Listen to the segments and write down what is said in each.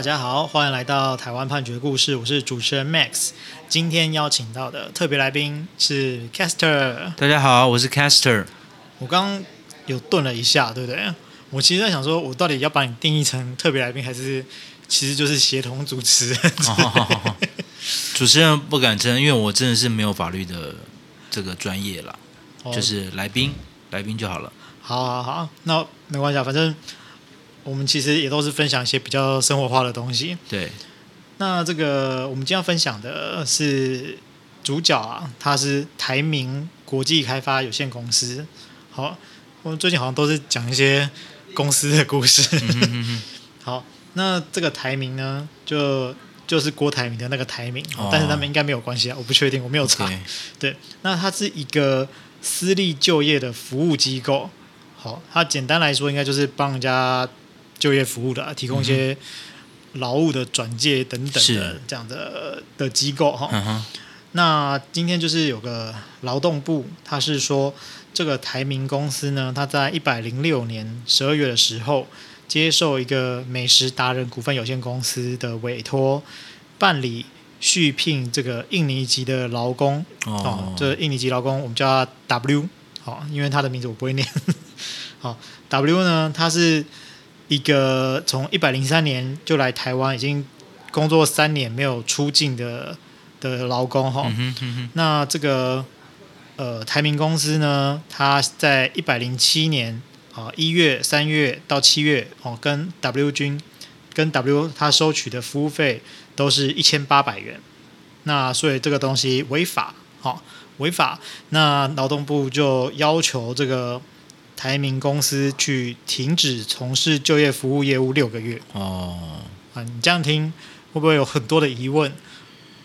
大家好，歡迎來到《台灣判決故事》，我是主持人 Max。今天邀請到的特別來賓是 Castor。大家好，我是 Castor。我剛剛有頓了一下，對不對？我其實在想說，我到底要把你定義成特別來賓，還是其實就是協同主持人對不對、哦哦？主持人不敢稱，因為我真的是沒有法律的這個專業啦、哦，就是來賓、嗯，來賓就好了。好好好，那沒關係，反正。我們其實也都是分享一些比較生活化的東西。對。那這個我們今天要分享的是主角啊，他是台銘國際開發有限公司。好，我們最近好像都是講一些公司的故事。嗯哼嗯哼 好，那這個台銘呢，就就是郭台銘的那個台銘、哦，但是他們應該沒有關係啊，我不確定，我沒有查。Okay、對。那它是一個私立就業的服務機構。好，它簡單來說，應該就是幫人家。就業服務的、啊，提供一些勞務的轉介等等的這樣的的機構哈、嗯。那今天就是有個勞動部，他是說這個台銘公司呢，他在一百零六年十二月的時候，接受一個美食達人股份有限公司的委托，辦理續聘這個印尼籍的勞工哦,哦。這個、印尼籍勞工我們叫他 W，好，因為他的名字我不會念。好，W 呢，他是。一個從一百零三年就來台灣，已經工作三年沒有出境的的勞工哈、嗯嗯，那這個呃台銘公司呢，他在一百零七年啊一月、三月到七月哦、啊，跟 W 君跟 W 他收取的服務費都是一千八百元，那所以這個東西違法哦、啊，違法，那勞動部就要求這個。台銘公司去停止從事就業服務業務六個月。哦，啊，你這樣聽會不會有很多的疑問？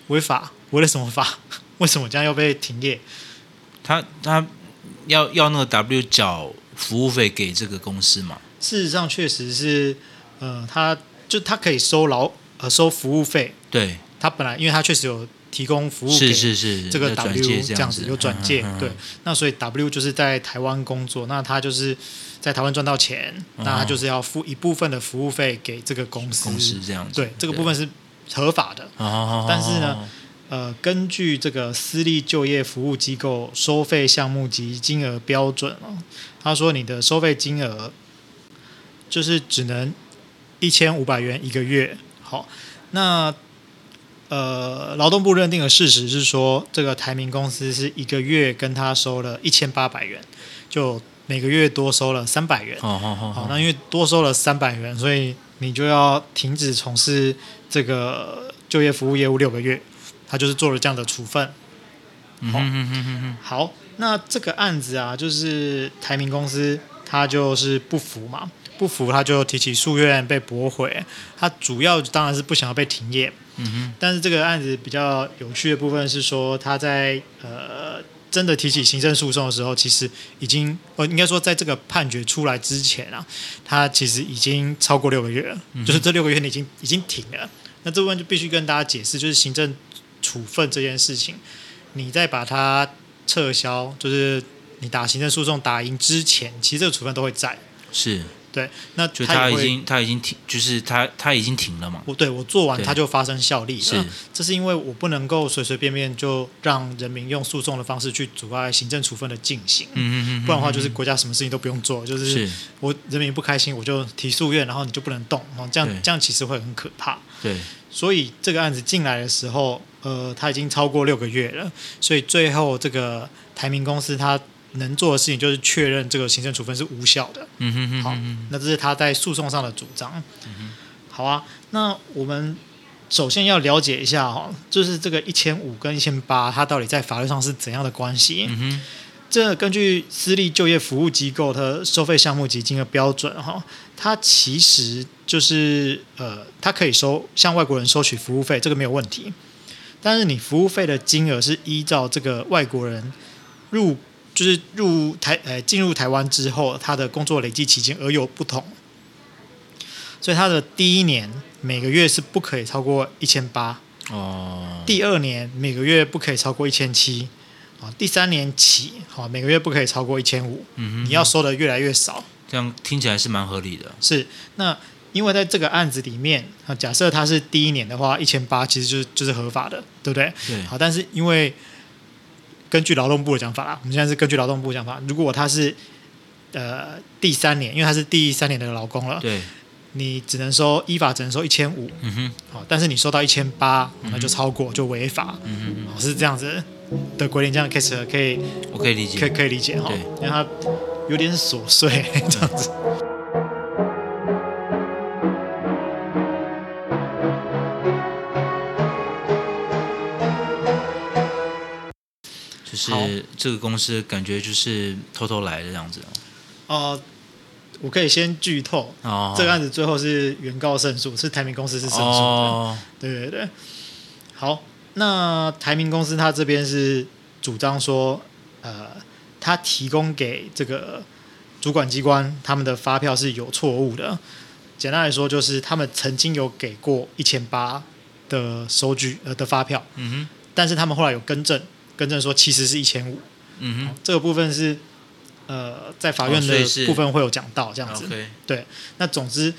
違法？違了什麼法？為什麼這樣要被停業？他他要要那個 W 繳服務費給這個公司嗎？事實上確實是，嗯、呃，他就他可以收勞呃收服務費。對，他本來因為他確實有。提供服務給這個 W，是是是這樣子有轉介。對，那所以 W 就是在台灣工作，那他就是在台灣賺到錢，嗯，那他就是要付一部分的服務費給這個公司，公司這樣子，對，這個部分是合法的，嗯嗯、但是呢、嗯，呃，根據這個私立就業服務機構收費項目及金額標準哦，他說你的收費金額就是只能一千五百元一個月，好，那。呃，勞動部認定的事實是說，這個台明銘公司是一個月跟他收了一千八百元，就每個月多收了三百元。哦好、哦哦哦，那因為多收了三百元，所以你就要停止從事這個就業服務業務六個月。他就是做了這樣的處分。嗯、哦、嗯嗯，嗯，嗯好，那這個案子啊，就是台銘公司他就是不服嘛，不服他就提起訴願，被駁回。他主要當然是不想要被停業。嗯哼，但是這個案子比較有趣的部分是說，他在呃真的提起行政訴訟的時候，其實已經呃應該說，在這個判決出來之前啊，他其實已經超過六個月了，嗯、就是這六個月你已經已經停了。那這部分就必須跟大家解釋，就是行政處分這件事情，你在把它撤銷，就是你打行政訴訟打贏之前，其實這個處分都會在。是。對，那他已經他已經停，就是他他已經停了嘛？我對我做完他就發生效力了。是、嗯，這是因為我不能夠隨隨便便便就讓人民用訴訟的方式去阻礙行政處分的進行。嗯嗯嗯，不然的話就是國家什麼事情都不用做，就是我人民不開心我就提訴願，然後你就不能動，然後這樣這樣其實會很可怕。對，所以這個案子進來的時候，呃，他已經超過六個月了，所以最後這個台銘公司他。能做的事情就是確認這個行政處分是無效的。嗯哼哼，好，那這是他在訴訟上的主張。嗯，好啊，那我們首先要了解一下哈，就是這個一千五跟一千八，它到底在法律上是怎樣的關係？嗯哼，這根據私立就業服務機構的收費項目及金額標準哈，它其實就是呃，它可以收向外國人收取服務費，這個沒有問題。但是你服務費的金額是依照這個外國人入就是入台呃進入台灣之後，他的工作累計期間而有不同，所以他的第一年每個月是不可以超過一千八哦，第二年每個月不可以超過一千七，啊，第三年起哈每個月不可以超過一千五，嗯哼，你要收的越來越少，這樣聽起來是蠻合理的。是，那因為在這個案子裡面，假設他是第一年的話，一千八其實就是、就是合法的，對不對？對，好，但是因為。根據勞動部的講法啦，我們現在是根據勞動部講法，如果他是呃第三年，因為他是第三年的勞工了，對，你只能收依法只能收一千五，但是你收到一千八，那就超過、嗯、就違法、嗯，是這樣子的鬼。鬼靈這樣 case 可以，我可、okay, 可，可以理解，可以可以理解哈，因為他有點瑣碎這樣子。是這個公司感覺就是偷偷來的這樣子哦。Uh, 我可以先劇透，oh. 這個案子最後是原告勝訴，是台銘公司是勝訴的。Oh. 對對對。好，那台銘公司他這邊是主張說，呃，他提供給這個主管機關他們的發票是有錯誤的。簡單來說，就是他們曾經有給過一千八的收據呃的發票，嗯哼，但是他們後來有更正。更正說其實是一千五，嗯、哦、這個部分是，呃，在法院的部分會有講到這樣子、哦，對，那總之，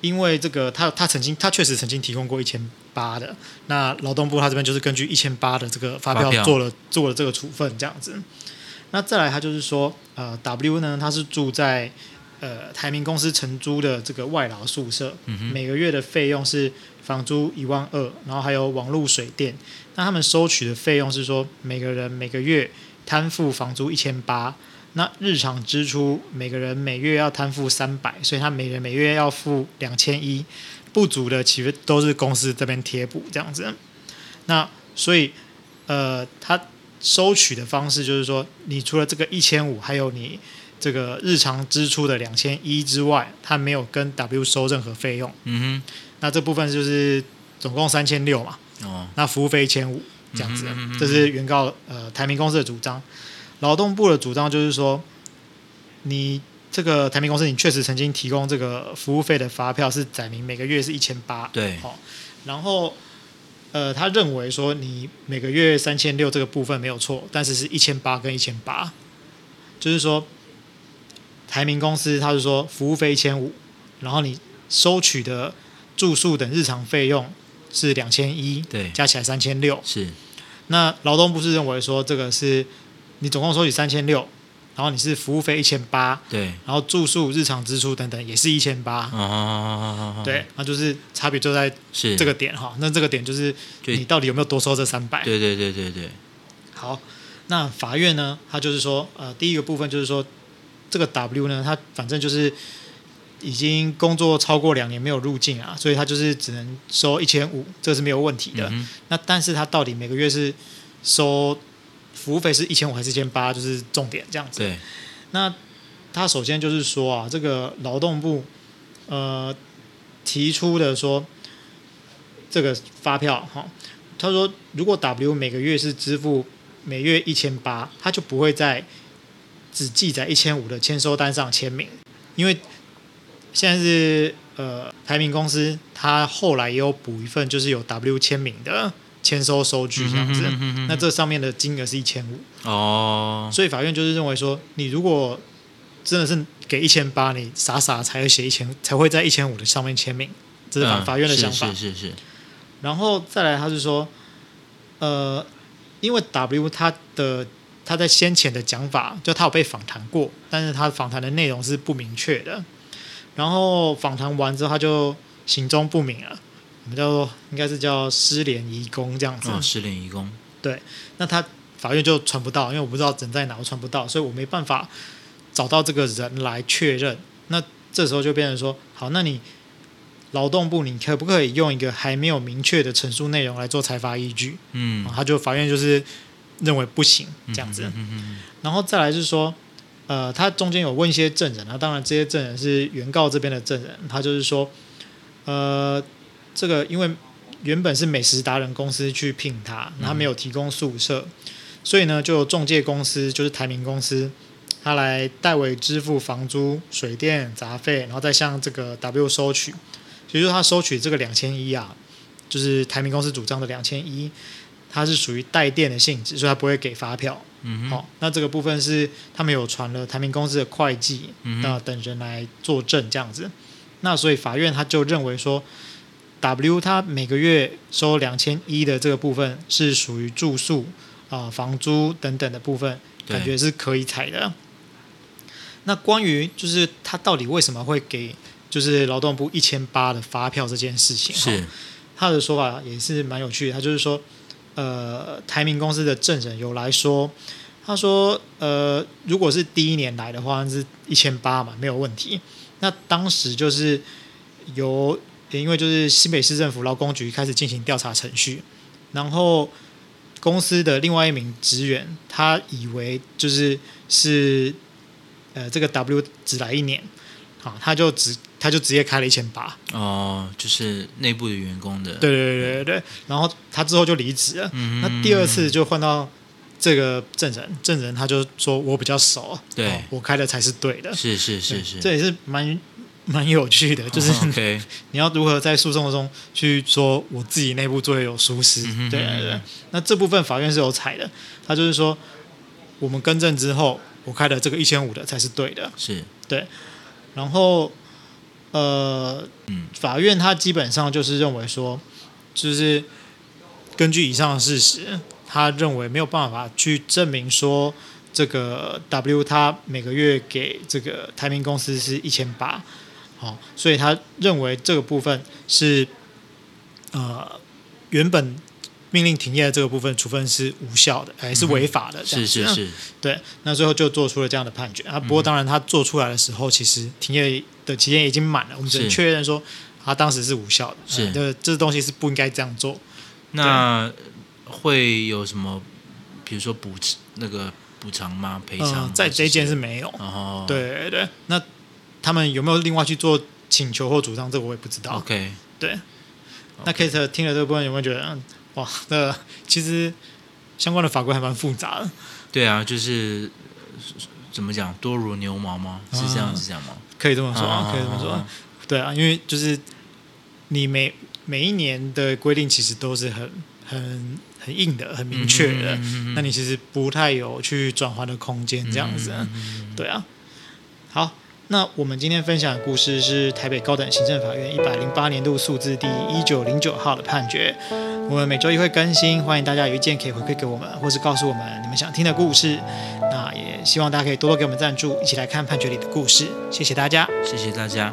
因為這個他他曾經他確實曾經提供過一千八的，那勞動部他這邊就是根據一千八的這個發票做了表做了這個處分這樣子，那再來他就是說，呃，W 呢他是住在。呃，台銘公司承租的這個外勞宿舍，嗯，每個月的費用是房租一萬二，然後還有網絡水電。那他們收取的費用是說，每個人每個月攤付房租一千八，那日常支出每個人每月要攤付三百，所以他每人每月要付兩千一，不足的其實都是公司這邊貼補這樣子。那所以，呃，他收取的方式就是說，你除了這個一千五，還有你。這個日常支出的兩千一之外，他沒有跟 W 收任何費用。嗯哼，那這部分就是總共三千六嘛。哦，那服務費一千五這樣子。嗯哼，嗯哼，這是原告，呃，台銘公司的主張。勞動部的主張就是說，你這個台銘公司，你確實曾經提供這個服務費的發票是載明每個月是一千八。對，好，哦，然後呃，他認為說，你每個月三千六這個部分沒有錯，但是是一千八跟一千八，就是說。台銘公司，他是說服務費一千五，然後你收取的住宿等日常費用是兩千一，對，加起來三千六。是，那勞動部是認為說這個是你總共收取三千六，然後你是服務費一千八，對，然後住宿日常支出等等也是一千八，哦、啊，對，那就是差別就在這個點哈。那這個點就是你到底有沒有多收這三百？對,對對對對對。好，那法院呢？他就是說，呃，第一個部分就是說。這個 W 呢，他反正就是已經工作超過兩年沒有入境啊，所以他就是只能收一千五，這是沒有問題的、嗯。對。那但是他到底每個月是收服務費是一千五還是一千八，就是重點這樣子。對。那他首先就是說啊，這個勞動部呃提出的說這個發票哈，他說如果 W 每個月是支付每月一千八，他就不會再。只記載一千五的簽收單上簽名，因為現在是呃台銘公司，他後來也有補一份，就是有 W 簽名的簽收收據這樣子。嗯哼嗯哼嗯哼。那這上面的金額是一千五哦，所以法院就是認為說，你如果真的是給一千八，你傻傻才會寫一千，才會在一千五的上面簽名，這是法院的想法。嗯，是，是是是。然後再來，他是說，呃，因為 W 他的。他在先前的講法，就他有被訪談過，但是他訪談的內容是不明確的。然後訪談完之後，他就行蹤不明了，我們叫做應該是叫失聯移工這樣子。哦，失聯移工。對，那他法院就傳不到，因為我不知道人在哪，我傳不到，所以我沒辦法找到這個人來確認。那這時候就變成說，好，那你勞動部，你可不可以用一個還沒有明確的陳述內容來做裁罰依據？嗯，他就法院就是。認為不行這樣子，然後再來就是說，呃，他中間有問一些證人那、啊、當然這些證人是原告這邊的證人，他就是說，呃，這個因為原本是美食達人公司去聘他，他沒有提供宿舍，所以呢，就有中介公司就是台銘公司，他來代為支付房租、水電雜費，然後再向這個 W 收取，所以說他收取這個兩千一啊，就是台銘公司主張的兩千一。它是屬於代墊的性質，所以他不會給發票。好、嗯哦，那這個部分是他們有傳了台銘公司的會計那、嗯呃、等人來作證，這樣子。那所以法院他就認為說，W 他每個月收兩千一的這個部分是屬於住宿啊、呃、房租等等的部分，感覺是可以採的。那關於就是他到底為什麼會給就是勞動部一千八的發票這件事情，是、哦、他的說法也是蠻有趣的，他就是說。呃，台銘公司的證人有來說，他說，呃，如果是第一年來的話，是一千八嘛，沒有問題。那當時就是由，因為就是新北市政府勞工局開始進行調查程序，然後公司的另外一名職員，他以為就是是，呃，這個 W 只來一年，好、啊，他就只。他就直接開了一千八哦，就是內部的員工的，對對對對對。然後他之後就離職了。嗯、那第二次就換到這個證人，證人他就說我比較熟，對我開的才是對的。是是是是，這也是蠻蠻有趣的，就是、哦 okay、你要如何在訴訟中去說我自己內部作業有疏失、嗯。對、啊、對、啊，那這部分法院是有採的，他就是說我們更正之後，我開的這個一千五的才是對的。是，對，然後。呃，法院他基本上就是認為說，就是根據以上的事實，他認為沒有辦法去證明說這個 W 他每個月給這個台銘公司是一千八，哦，所以他認為這個部分是，呃，原本。命令停業的這個部分處分是無效的，還、嗯、是違法的？是是是、嗯，對。那最後就做出了這樣的判決啊。不過當然，他做出來的時候，嗯、其實停業的期間已經滿了。我們只能確認說，他、啊、當時是無效的。是，欸、這這東西是不應該這樣做。那會有什麼，比如說補償那個補償嗎？賠償、嗯？在這一件是沒有。然、哦、對對。那他們有沒有另外去做請求或主張？這個、我也不知道。OK。對。那 Kate、okay. 聽了這個部分有沒有覺得？嗯哇，那其實相關的法規還蠻複雜的。對啊，就是怎麼講，多如牛毛嗎？啊、是這樣子講嗎？可以這麼說，啊，啊，啊，啊，啊，啊，可以這麼說。對啊，因為就是你每每一年的規定，其實都是很很很硬的，很明確的嗯哼嗯哼嗯哼。那你其實不太有去轉換的空間，這樣子嗯哼嗯哼嗯哼。對啊，好。那我們今天分享的故事是台北高等行政法院一百零八年度訴字第一九零九號的判決。我們每周一會更新，歡迎大家有意見可以回饋給我們，或是告訴我們你們想聽的故事。那也希望大家可以多多給我們贊助，一起來看判決裡的故事。謝謝大家，謝謝大家。